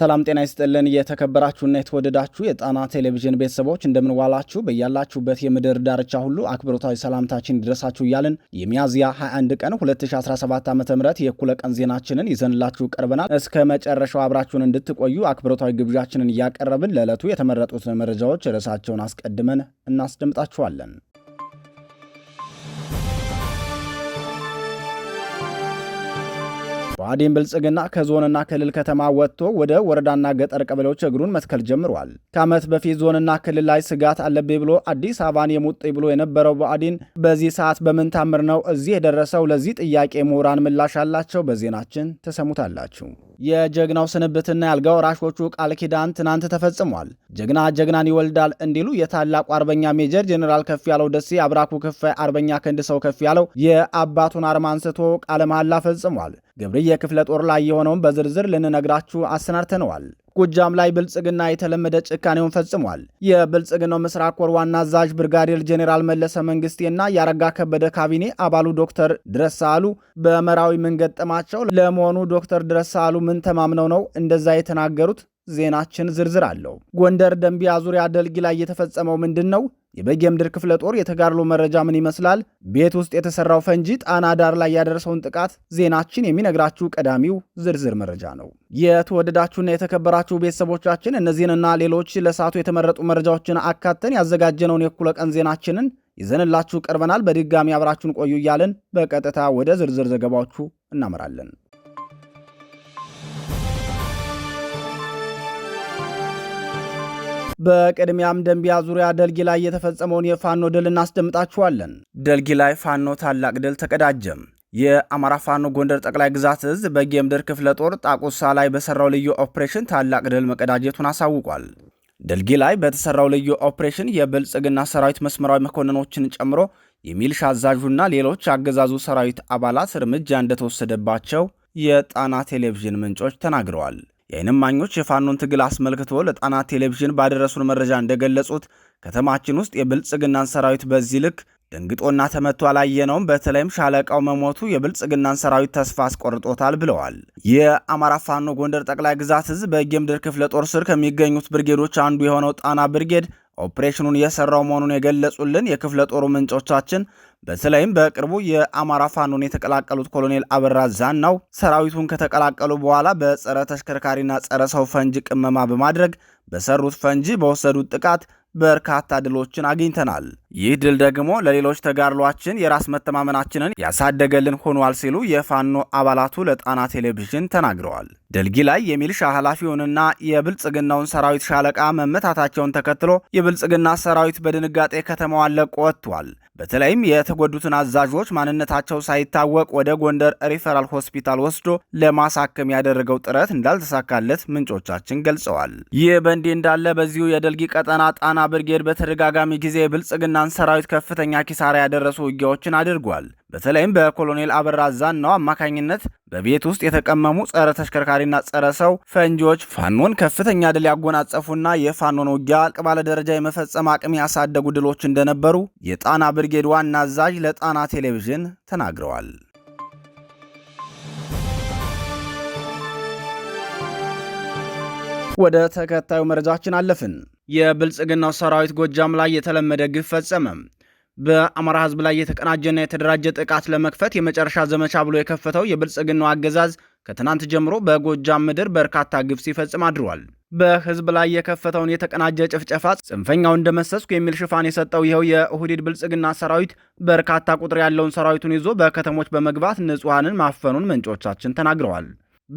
ሰላም ጤና ይስጥልን። የተከበራችሁና የተወደዳችሁ የጣና ቴሌቪዥን ቤተሰቦች እንደምንዋላችሁ፣ በያላችሁበት የምድር ዳርቻ ሁሉ አክብሮታዊ ሰላምታችን ይድረሳችሁ እያልን የሚያዝያ 21 ቀን 2017 ዓ ም የእኩለ ቀን ዜናችንን ይዘንላችሁ ቀርበናል። እስከ መጨረሻው አብራችሁን እንድትቆዩ አክብሮታዊ ግብዣችንን እያቀረብን ለዕለቱ የተመረጡትን መረጃዎች ርዕሳቸውን አስቀድመን እናስደምጣችኋለን። ብአዴን ብልጽግና ከዞንና ክልል ከተማ ወጥቶ ወደ ወረዳና ገጠር ቀበሌዎች እግሩን መትከል ጀምሯል። ከዓመት በፊት ዞንና ክልል ላይ ስጋት አለብኝ ብሎ አዲስ አበባን የሙጥ ብሎ የነበረው ብአዴን በዚህ ሰዓት በምን ታምር ነው እዚህ የደረሰው? ለዚህ ጥያቄ ምሁራን ምላሽ አላቸው። በዜናችን ተሰሙታላችሁ። የጀግናው ስንብትና ያልጋ ወራሾቹ ቃል ኪዳን ትናንት ተፈጽሟል። ጀግና ጀግናን ይወልዳል እንዲሉ የታላቁ አርበኛ ሜጀር ጀኔራል ከፍ ያለው ደሴ አብራኩ ክፋይ አርበኛ ክንድ ሰው ከፍ ያለው የአባቱን አርማ አንስቶ ቃለ መሐላ ፈጽሟል። ገብርዬ ክፍለ ጦር ላይ የሆነውን በዝርዝር ልንነግራችሁ አሰናድተነዋል። ጎጃም ላይ ብልጽግና የተለመደ ጭካኔውን ፈጽሟል። የብልጽግናው ምስራቅ ኮር ዋና አዛዥ ብርጋዴር ጄኔራል መለሰ መንግስቴና የአረጋ ከበደ ካቢኔ አባሉ ዶክተር ድረስ በመራዊ ምን ገጠማቸው? ለመሆኑ ዶክተር ድረሳሉ ምን ተማምነው ነው እንደዛ የተናገሩት? ዜናችን ዝርዝር አለው። ጎንደር ደንቢያ ዙሪያ ደልጊ ላይ የተፈጸመው ምንድን ነው? የበጌምድር ክፍለ ጦር የተጋድሎ መረጃ ምን ይመስላል? ቤት ውስጥ የተሰራው ፈንጂ ጣና ዳር ላይ ያደረሰውን ጥቃት ዜናችን የሚነግራችሁ ቀዳሚው ዝርዝር መረጃ ነው። የተወደዳችሁና የተከበራችሁ ቤተሰቦቻችን እነዚህንና ሌሎች ለሰዓቱ የተመረጡ መረጃዎችን አካተን ያዘጋጀነውን የእኩለ ቀን ዜናችንን ይዘንላችሁ ቀርበናል። በድጋሚ አብራችሁን ቆዩ እያለን በቀጥታ ወደ ዝርዝር ዘገባዎቹ እናመራለን። በቅድሚያም ደንቢያ ዙሪያ ደልጊ ላይ የተፈጸመውን የፋኖ ድል እናስደምጣችኋለን። ደልጊ ላይ ፋኖ ታላቅ ድል ተቀዳጀም። የአማራ ፋኖ ጎንደር ጠቅላይ ግዛት እዝ በጌምድር ክፍለ ጦር ጣቁሳ ላይ በሰራው ልዩ ኦፕሬሽን ታላቅ ድል መቀዳጀቱን አሳውቋል። ደልጊ ላይ በተሰራው ልዩ ኦፕሬሽን የብልጽግና ሰራዊት መስመራዊ መኮንኖችን ጨምሮ የሚልሻ አዛዡና ሌሎች አገዛዙ ሰራዊት አባላት እርምጃ እንደተወሰደባቸው የጣና ቴሌቪዥን ምንጮች ተናግረዋል። የዓይን እማኞች የፋኖን ትግል አስመልክቶ ለጣና ቴሌቪዥን ባደረሱን መረጃ እንደገለጹት ከተማችን ውስጥ የብልጽግናን ሰራዊት በዚህ ልክ ደንግጦና ተመቶ አላየነውም። በተለይም ሻለቃው መሞቱ የብልጽግናን ሰራዊት ተስፋ አስቆርጦታል ብለዋል። የአማራ ፋኖ ጎንደር ጠቅላይ ግዛት እዝ በጌምድር ክፍለ ጦር ስር ከሚገኙት ብርጌዶች አንዱ የሆነው ጣና ብርጌድ ኦፕሬሽኑን የሰራው መሆኑን የገለጹልን የክፍለ ጦሩ ምንጮቻችን በተለይም በቅርቡ የአማራ ፋኖን የተቀላቀሉት ኮሎኔል አበራ ዛናው ሰራዊቱን ከተቀላቀሉ በኋላ በጸረ ተሽከርካሪና ጸረ ሰው ፈንጂ ቅመማ በማድረግ በሰሩት ፈንጂ በወሰዱት ጥቃት በርካታ ድሎችን አግኝተናል ይህ ድል ደግሞ ለሌሎች ተጋድሏችን የራስ መተማመናችንን ያሳደገልን ሆኗል ሲሉ የፋኖ አባላቱ ለጣና ቴሌቪዥን ተናግረዋል። ደልጊ ላይ የሚልሻ ኃላፊውንና የብልጽግናውን ሰራዊት ሻለቃ መመታታቸውን ተከትሎ የብልጽግና ሰራዊት በድንጋጤ ከተማዋን ለቆ ወጥቷል። በተለይም የተጎዱትን አዛዦች ማንነታቸው ሳይታወቅ ወደ ጎንደር ሪፈራል ሆስፒታል ወስዶ ለማሳከም ያደረገው ጥረት እንዳልተሳካለት ምንጮቻችን ገልጸዋል። ይህ በእንዲህ እንዳለ በዚሁ የደልጊ ቀጠና ጣና ብርጌድ በተደጋጋሚ ጊዜ ብልጽግና የፋናን ሰራዊት ከፍተኛ ኪሳራ ያደረሱ ውጊያዎችን አድርጓል። በተለይም በኮሎኔል አበራ ዛናው አማካኝነት በቤት ውስጥ የተቀመሙ ጸረ ተሽከርካሪና ጸረ ሰው ፈንጂዎች ፋኖን ከፍተኛ ድል ያጎናጸፉና የፋኖን ውጊያ አልቅ ባለ ደረጃ የመፈጸም አቅም ያሳደጉ ድሎች እንደነበሩ የጣና ብርጌድ ዋና አዛዥ ለጣና ቴሌቪዥን ተናግረዋል። ወደ ተከታዩ መረጃችን አለፍን። የብልጽግናው ሰራዊት ጎጃም ላይ የተለመደ ግፍ ፈጸመ። በአማራ ህዝብ ላይ የተቀናጀና የተደራጀ ጥቃት ለመክፈት የመጨረሻ ዘመቻ ብሎ የከፈተው የብልጽግናው አገዛዝ ከትናንት ጀምሮ በጎጃም ምድር በርካታ ግፍ ሲፈጽም አድሯል። በህዝብ ላይ የከፈተውን የተቀናጀ ጭፍጨፋ ጽንፈኛው እንደመሰስኩ የሚል ሽፋን የሰጠው ይኸው የኦህዴድ ብልጽግና ሰራዊት በርካታ ቁጥር ያለውን ሰራዊቱን ይዞ በከተሞች በመግባት ንጹሐንን ማፈኑን ምንጮቻችን ተናግረዋል።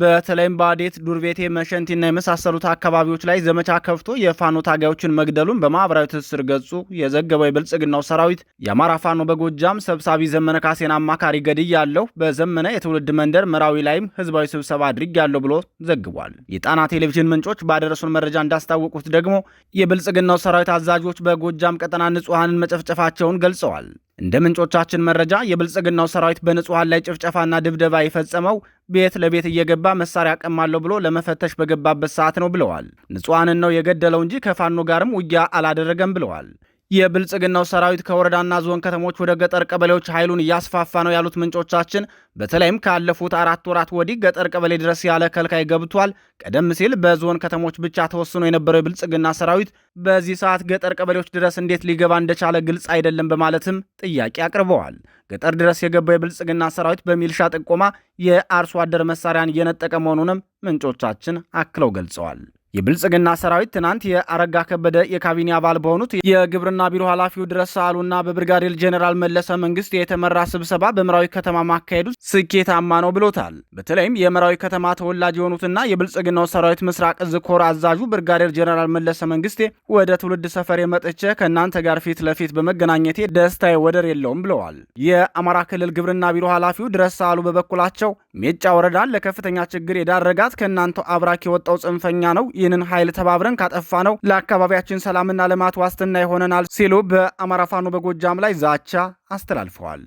በተለይም በአዴት ዱርቤቴ፣ መሸንቲና የመሳሰሉት አካባቢዎች ላይ ዘመቻ ከፍቶ የፋኖ ታጋዮችን መግደሉን በማኅበራዊ ትስስር ገጹ የዘገበው የብልጽግናው ሰራዊት የአማራ ፋኖ በጎጃም ሰብሳቢ ዘመነ ካሴን አማካሪ ገድያለሁ፣ በዘመነ የትውልድ መንደር መራዊ ላይም ህዝባዊ ስብሰባ አድርጌያለሁ ብሎ ዘግቧል። የጣና ቴሌቪዥን ምንጮች ባደረሱን መረጃ እንዳስታወቁት ደግሞ የብልጽግናው ሰራዊት አዛዦች በጎጃም ቀጠና ንጹሐንን መጨፍጨፋቸውን ገልጸዋል። እንደ ምንጮቻችን መረጃ የብልጽግናው ሰራዊት በንጹሐን ላይ ጭፍጨፋና ድብደባ የፈጸመው ቤት ለቤት እየገባ መሳሪያ ቀማለሁ ብሎ ለመፈተሽ በገባበት ሰዓት ነው ብለዋል። ንጹሐንን ነው የገደለው እንጂ ከፋኖ ጋርም ውጊያ አላደረገም ብለዋል። የብልጽግናው ሰራዊት ከወረዳና ዞን ከተሞች ወደ ገጠር ቀበሌዎች ኃይሉን እያስፋፋ ነው ያሉት ምንጮቻችን፣ በተለይም ካለፉት አራት ወራት ወዲህ ገጠር ቀበሌ ድረስ ያለ ከልካይ ገብቷል። ቀደም ሲል በዞን ከተሞች ብቻ ተወስኖ የነበረው የብልጽግና ሰራዊት በዚህ ሰዓት ገጠር ቀበሌዎች ድረስ እንዴት ሊገባ እንደቻለ ግልጽ አይደለም በማለትም ጥያቄ አቅርበዋል። ገጠር ድረስ የገባው የብልጽግና ሰራዊት በሚልሻ ጥቆማ የአርሶ አደር መሳሪያን እየነጠቀ መሆኑንም ምንጮቻችን አክለው ገልጸዋል። የብልጽግና ሰራዊት ትናንት የአረጋ ከበደ የካቢኔ አባል በሆኑት የግብርና ቢሮ ኃላፊው ድረስ አሉና በብርጋዴር ጄኔራል መለሰ መንግስት የተመራ ስብሰባ በምራዊ ከተማ ማካሄዱ ስኬታማ ነው ብሎታል። በተለይም የምራዊ ከተማ ተወላጅ የሆኑትና የብልጽግናው ሰራዊት ምስራቅ እዝ ኮር አዛዡ ብርጋዴር ጄኔራል መለሰ መንግስቴ ወደ ትውልድ ሰፈር የመጥቼ ከእናንተ ጋር ፊት ለፊት በመገናኘቴ ደስታዬ ወደር የለውም ብለዋል። የአማራ ክልል ግብርና ቢሮ ኃላፊው ድረስ አሉ በበኩላቸው ሜጫ ወረዳን ለከፍተኛ ችግር የዳረጋት ከእናንተው አብራክ የወጣው ጽንፈኛ ነው ይህንን ኃይል ተባብረን ካጠፋ ነው ለአካባቢያችን ሰላምና ልማት ዋስትና ይሆነናል ሲሉ በአማራ ፋኖ በጎጃም ላይ ዛቻ አስተላልፈዋል።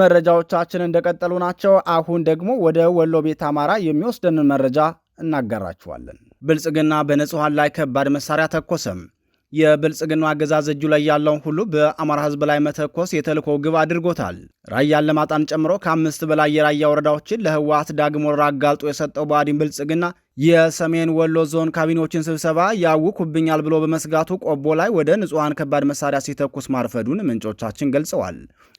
መረጃዎቻችን እንደቀጠሉ ናቸው። አሁን ደግሞ ወደ ወሎ ቤት አማራ የሚወስደንን መረጃ እናጋራችኋለን። ብልጽግና በንጹሐን ላይ ከባድ መሳሪያ ተኮሰም። የብልጽግናው አገዛዝ እጁ ላይ ያለውን ሁሉ በአማራ ህዝብ ላይ መተኮስ የተልኮ ግብ አድርጎታል። ራያን ለማጣን ጨምሮ ከአምስት በላይ የራያ ወረዳዎችን ለህወሓት ዳግም ወረራ አጋልጦ የሰጠው ብአዴን ብልጽግና የሰሜን ወሎ ዞን ካቢኔዎችን ስብሰባ ያውኩብኛል ብሎ በመስጋቱ ቆቦ ላይ ወደ ንጹሐን ከባድ መሳሪያ ሲተኩስ ማርፈዱን ምንጮቻችን ገልጸዋል።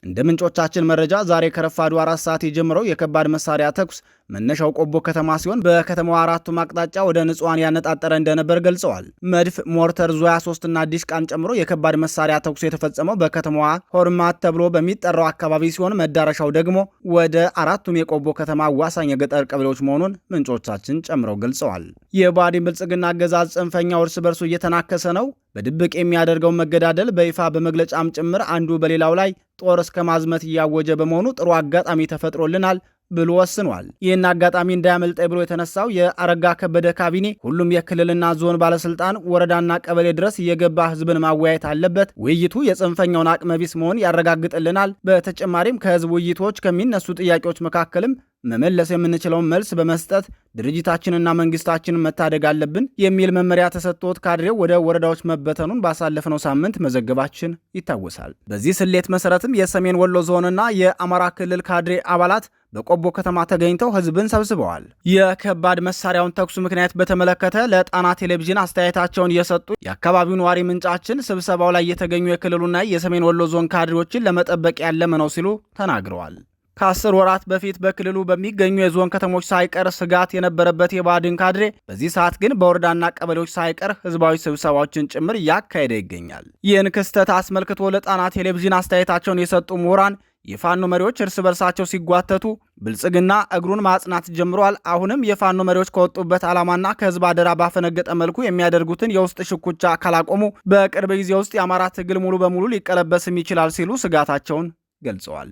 እንደ ምንጮቻችን መረጃ ዛሬ ከረፋዱ አራት ሰዓት የጀመረው የከባድ መሳሪያ ተኩስ መነሻው ቆቦ ከተማ ሲሆን በከተማዋ አራቱም አቅጣጫ ወደ ንጹሐን ያነጣጠረ እንደነበር ገልጸዋል። መድፍ፣ ሞርተር፣ ዙያ ሶስትና ዲሽቃን ጨምሮ የከባድ መሳሪያ ተኩስ የተፈጸመው በከተማዋ ሆርማት ተብሎ በሚጠራው አካባቢ ሲሆን መዳረሻው ደግሞ ወደ አራቱም የቆቦ ከተማ አዋሳኝ የገጠር ቀበሌዎች መሆኑን ምንጮቻችን ጨምረው ገልጸዋል። ገልጸዋል። የባዲን ብልጽግና አገዛዝ ጽንፈኛው እርስ በርሱ እየተናከሰ ነው። በድብቅ የሚያደርገው መገዳደል በይፋ በመግለጫም ጭምር አንዱ በሌላው ላይ ጦር እስከ ማዝመት እያወጀ በመሆኑ ጥሩ አጋጣሚ ተፈጥሮልናል ብሎ ወስኗል። ይህን አጋጣሚ እንዳያመልጠ ብሎ የተነሳው የአረጋ ከበደ ካቢኔ ሁሉም የክልልና ዞን ባለስልጣን ወረዳና ቀበሌ ድረስ እየገባ ህዝብን ማወያየት አለበት። ውይይቱ የጽንፈኛውን አቅመቢስ መሆን ያረጋግጥልናል። በተጨማሪም ከህዝብ ውይይቶች ከሚነሱ ጥያቄዎች መካከልም መመለስ የምንችለውን መልስ በመስጠት ድርጅታችንና መንግስታችንን መታደግ አለብን የሚል መመሪያ ተሰጥቶት ካድሬው ወደ ወረዳዎች መበተኑን ባሳለፍነው ሳምንት መዘገባችን ይታወሳል። በዚህ ስሌት መሰረትም የሰሜን ወሎ ዞንና የአማራ ክልል ካድሬ አባላት በቆቦ ከተማ ተገኝተው ህዝብን ሰብስበዋል። የከባድ መሳሪያውን ተኩሱ ምክንያት በተመለከተ ለጣና ቴሌቪዥን አስተያየታቸውን የሰጡ የአካባቢው ነዋሪ ምንጫችን ስብሰባው ላይ የተገኙ የክልሉና የሰሜን ወሎ ዞን ካድሬዎችን ለመጠበቅ ያለመ ነው ሲሉ ተናግረዋል። ከአስር ወራት በፊት በክልሉ በሚገኙ የዞን ከተሞች ሳይቀር ስጋት የነበረበት የባድን ካድሬ በዚህ ሰዓት ግን በወረዳና ቀበሌዎች ሳይቀር ህዝባዊ ስብሰባዎችን ጭምር እያካሄደ ይገኛል። ይህን ክስተት አስመልክቶ ለጣና ቴሌቪዥን አስተያየታቸውን የሰጡ ምሁራን የፋኖ መሪዎች እርስ በርሳቸው ሲጓተቱ ብልጽግና እግሩን ማጽናት ጀምሯል። አሁንም የፋኖ መሪዎች ከወጡበት ዓላማና ከህዝብ አደራ ባፈነገጠ መልኩ የሚያደርጉትን የውስጥ ሽኩቻ ካላቆሙ በቅርብ ጊዜ ውስጥ የአማራ ትግል ሙሉ በሙሉ ሊቀለበስም ይችላል ሲሉ ስጋታቸውን ገልጸዋል።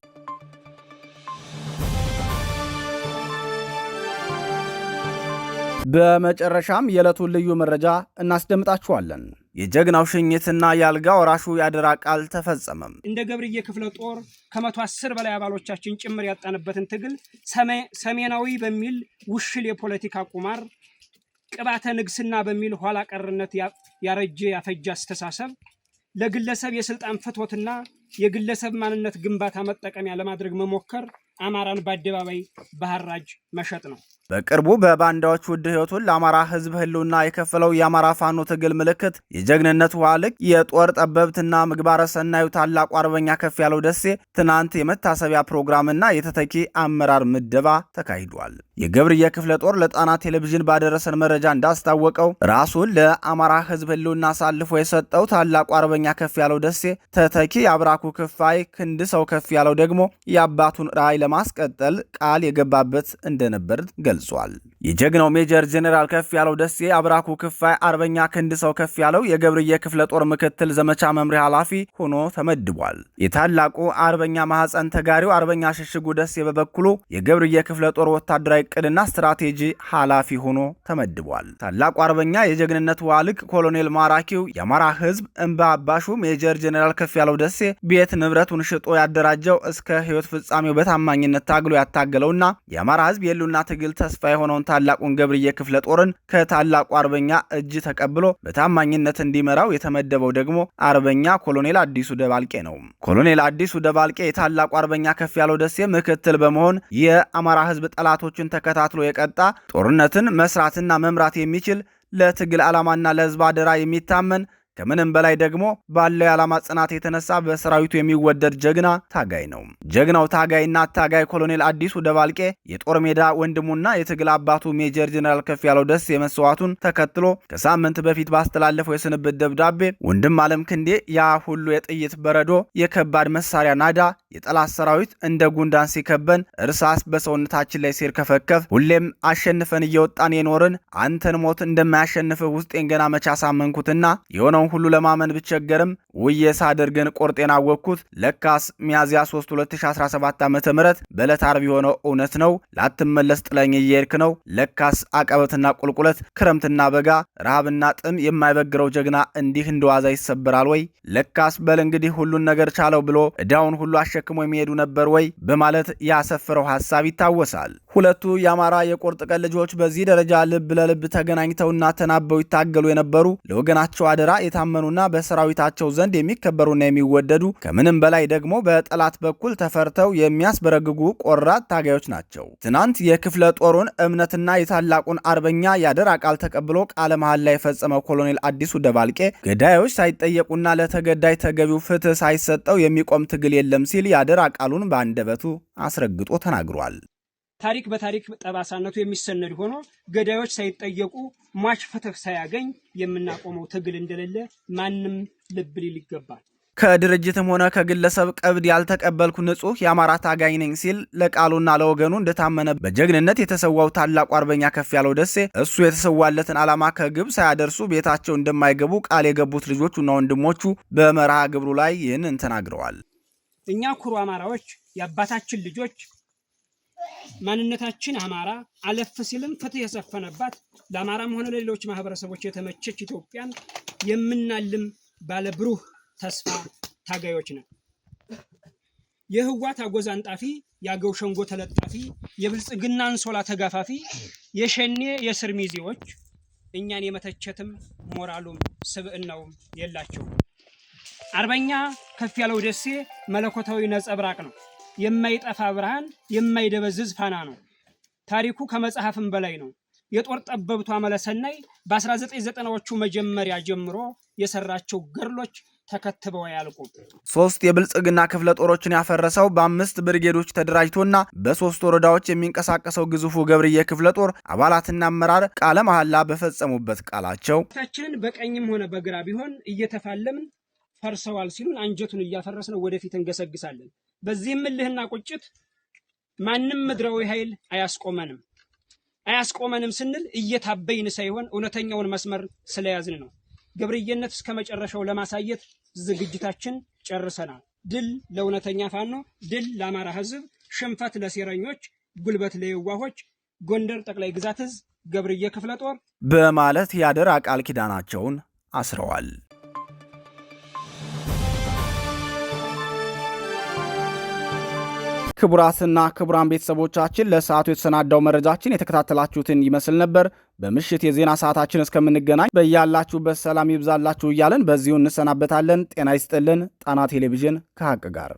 በመጨረሻም የዕለቱን ልዩ መረጃ እናስደምጣችኋለን። የጀግናው ሽኝትና የአልጋ ወራሹ ያደራ ቃል ተፈጸመም። እንደ ገብርዬ ክፍለ ጦር ከመቶ አስር በላይ አባሎቻችን ጭምር ያጣንበትን ትግል ሰሜናዊ በሚል ውሽል የፖለቲካ ቁማር ቅባተ ንግስና በሚል ኋላ ቀርነት ያረጀ ያፈጀ አስተሳሰብ ለግለሰብ የስልጣን ፍትወትና የግለሰብ ማንነት ግንባታ መጠቀሚያ ለማድረግ መሞከር አማራን በአደባባይ ባህራጅ መሸጥ ነው። በቅርቡ በባንዳዎች ውድ ህይወቱን ለአማራ ህዝብ ህልውና የከፈለው የአማራ ፋኖ ትግል ምልክት የጀግንነት ውሃ ልክ የጦር ጠበብትና ምግባረ ሰናዩ ታላቁ አርበኛ ከፍ ያለው ደሴ ትናንት የመታሰቢያ ፕሮግራምና የተተኪ አመራር ምደባ ተካሂዷል። የገብርየ ክፍለ ጦር ለጣና ቴሌቪዥን ባደረሰን መረጃ እንዳስታወቀው ራሱን ለአማራ ህዝብ ህልውና አሳልፎ የሰጠው ታላቁ አርበኛ ከፍ ያለው ደሴ ተተኪ የአብራኩ ክፋይ ክንድ ሰው ከፍ ያለው ደግሞ የአባቱን ራዕይ ለማስቀጠል ቃል የገባበት እንደነበር ገልጿል። የጀግናው ሜጀር ጄኔራል ከፍ ያለው ደሴ አብራኩ ክፋይ አርበኛ ክንድ ሰው ከፍ ያለው የገብርዬ ክፍለ ጦር ምክትል ዘመቻ መምሪያ ኃላፊ ሆኖ ተመድቧል። የታላቁ አርበኛ ማህፀን ተጋሪው አርበኛ ሽሽጉ ደሴ በበኩሉ የገብርዬ ክፍለ ጦር ወታደራዊ እቅድና ስትራቴጂ ኃላፊ ሆኖ ተመድቧል። ታላቁ አርበኛ የጀግንነት ዋልቅ ኮሎኔል ማራኪው የአማራ ህዝብ እንባ አባሹ ሜጀር ጄኔራል ከፍ ያለው ደሴ ቤት ንብረቱን ሽጦ ያደራጀው እስከ ህይወት ፍጻሜው በታማኝነት ታግሎ ያታገለውና የአማራ ህዝብ የህልውና ትግል ተስፋ የሆነውን ታላቁን ገብርዬ ክፍለ ጦርን ከታላቁ አርበኛ እጅ ተቀብሎ በታማኝነት እንዲመራው የተመደበው ደግሞ አርበኛ ኮሎኔል አዲሱ ደባልቄ ነው። ኮሎኔል አዲሱ ደባልቄ የታላቁ አርበኛ ከፍ ያለው ደሴ ምክትል በመሆን የአማራ ሕዝብ ጠላቶችን ተከታትሎ የቀጣ ጦርነትን መስራትና መምራት የሚችል ለትግል ዓላማና ለሕዝብ አደራ የሚታመን ከምንም በላይ ደግሞ ባለው የዓላማ ጽናት የተነሳ በሰራዊቱ የሚወደድ ጀግና ታጋይ ነው። ጀግናው ታጋይና ታጋይ ኮሎኔል አዲሱ ደባልቄ የጦር ሜዳ ወንድሙና የትግል አባቱ ሜጀር ጀነራል ከፍ ያለው ደስ የመስዋዕቱን ተከትሎ ከሳምንት በፊት ባስተላለፈው የስንብት ደብዳቤ ወንድም አለም ክንዴ ያ ሁሉ የጥይት በረዶ፣ የከባድ መሳሪያ ናዳ፣ የጠላት ሰራዊት እንደ ጉንዳን ሲከበን፣ እርሳስ በሰውነታችን ላይ ሲርከፈከፍ፣ ሁሌም አሸንፈን እየወጣን የኖርን አንተን ሞት እንደማያሸንፍህ ውስጤን ገና መቻ ሳመንኩትና የሆነው ይህን ሁሉ ለማመን ብቸገርም ውዬ አድርገን ግን ቁርጤን አወቅኩት። ለካስ ሚያዝያ 3 2017 ዓ ም በዕለት አርብ የሆነው እውነት ነው። ላትመለስ ጥለኝ እየሄድክ ነው። ለካስ አቀበትና ቁልቁለት፣ ክረምትና በጋ፣ ረሃብና ጥም የማይበግረው ጀግና እንዲህ እንደዋዛ ይሰበራል ወይ? ለካስ በል እንግዲህ ሁሉን ነገር ቻለው ብሎ እዳውን ሁሉ አሸክሞ የሚሄዱ ነበር ወይ? በማለት ያሰፈረው ሐሳብ ይታወሳል። ሁለቱ የአማራ የቁርጥ ቀን ልጆች በዚህ ደረጃ ልብ ለልብ ተገናኝተውና ተናበው ይታገሉ የነበሩ ለወገናቸው አደራ የሚታመኑና በሰራዊታቸው ዘንድ የሚከበሩና የሚወደዱ ከምንም በላይ ደግሞ በጠላት በኩል ተፈርተው የሚያስበረግጉ ቆራት ታጋዮች ናቸው። ትናንት የክፍለ ጦሩን እምነትና የታላቁን አርበኛ የአደራ ቃል ተቀብሎ ቃለ መሐላ ላይ የፈጸመው ኮሎኔል አዲሱ ደባልቄ ገዳዮች ሳይጠየቁና ለተገዳይ ተገቢው ፍትህ ሳይሰጠው የሚቆም ትግል የለም ሲል የአደራ ቃሉን በአንደበቱ አስረግጦ ተናግሯል። ታሪክ በታሪክ ጠባሳነቱ የሚሰነድ ሆኖ ገዳዮች ሳይጠየቁ ሟች ፍትህ ሳያገኝ የምናቆመው ትግል እንደሌለ ማንም ልብ ሊል ይገባል። ከድርጅትም ሆነ ከግለሰብ ቀብድ ያልተቀበልኩ ንጹህ የአማራ ታጋይ ነኝ ሲል ለቃሉና ለወገኑ እንደታመነ በጀግንነት የተሰዋው ታላቁ አርበኛ ከፍ ያለው ደሴ እሱ የተሰዋለትን ዓላማ ከግብ ሳያደርሱ ቤታቸው እንደማይገቡ ቃል የገቡት ልጆቹና ወንድሞቹ በመርሃ ግብሩ ላይ ይህንን ተናግረዋል። እኛ ኩሩ አማራዎች የአባታችን ልጆች ማንነታችን አማራ አለፍ ሲልም ፍትህ የሰፈነባት ለአማራም ሆነ ለሌሎች ማህበረሰቦች የተመቸች ኢትዮጵያን የምናልም ባለብሩህ ተስፋ ታጋዮች ነን። የህዋት አጎዛ አንጣፊ፣ የአገው ሸንጎ ተለጣፊ፣ የብልጽግና አንሶላ ተጋፋፊ፣ የሸኔ የስር ሚዜዎች እኛን የመተቸትም ሞራሉም ስብዕናውም የላቸውም። አርበኛ ከፍ ያለው ደሴ መለኮታዊ ነጸብራቅ ነው። የማይጠፋ ብርሃን፣ የማይደበዝዝ ፋና ነው። ታሪኩ ከመጽሐፍም በላይ ነው። የጦር ጠበብቱ አመለሰናይ በ1990ዎቹ መጀመሪያ ጀምሮ የሰራቸው ገድሎች ተከትበው ያልቁ። ሶስት የብልጽግና ክፍለ ጦሮችን ያፈረሰው በአምስት ብርጌዶች ተደራጅቶና በሶስት ወረዳዎች የሚንቀሳቀሰው ግዙፉ ገብርዬ ክፍለ ጦር አባላትና አመራር ቃለ መሐላ በፈጸሙበት ቃላቸው ታችንን በቀኝም ሆነ በግራ ቢሆን እየተፋለምን ፈርሰዋል ሲሉን አንጀቱን እያፈረስነው ወደፊት እንገሰግሳለን። በዚህም እልህና ቁጭት ማንም ምድራዊ ኃይል አያስቆመንም። አያስቆመንም ስንል እየታበይን ሳይሆን እውነተኛውን መስመር ስለያዝን ነው። ገብርዬነት እስከ መጨረሻው ለማሳየት ዝግጅታችን ጨርሰናል። ድል ለእውነተኛ ፋኖ፣ ድል ለአማራ ህዝብ ሽንፈት ለሴረኞች፣ ጉልበት ለየዋሆች። ጎንደር ጠቅላይ ግዛት እዝ ገብርዬ ክፍለ ጦር በማለት ያደራ ቃል ኪዳናቸውን አስረዋል። ክቡራትና ክቡራን ቤተሰቦቻችን ለሰዓቱ የተሰናዳው መረጃችን የተከታተላችሁትን ይመስል ነበር። በምሽት የዜና ሰዓታችን እስከምንገናኝ በያላችሁበት ሰላም ይብዛላችሁ እያለን በዚሁ እንሰናበታለን። ጤና ይስጥልን። ጣና ቴሌቪዥን ከሀቅ ጋር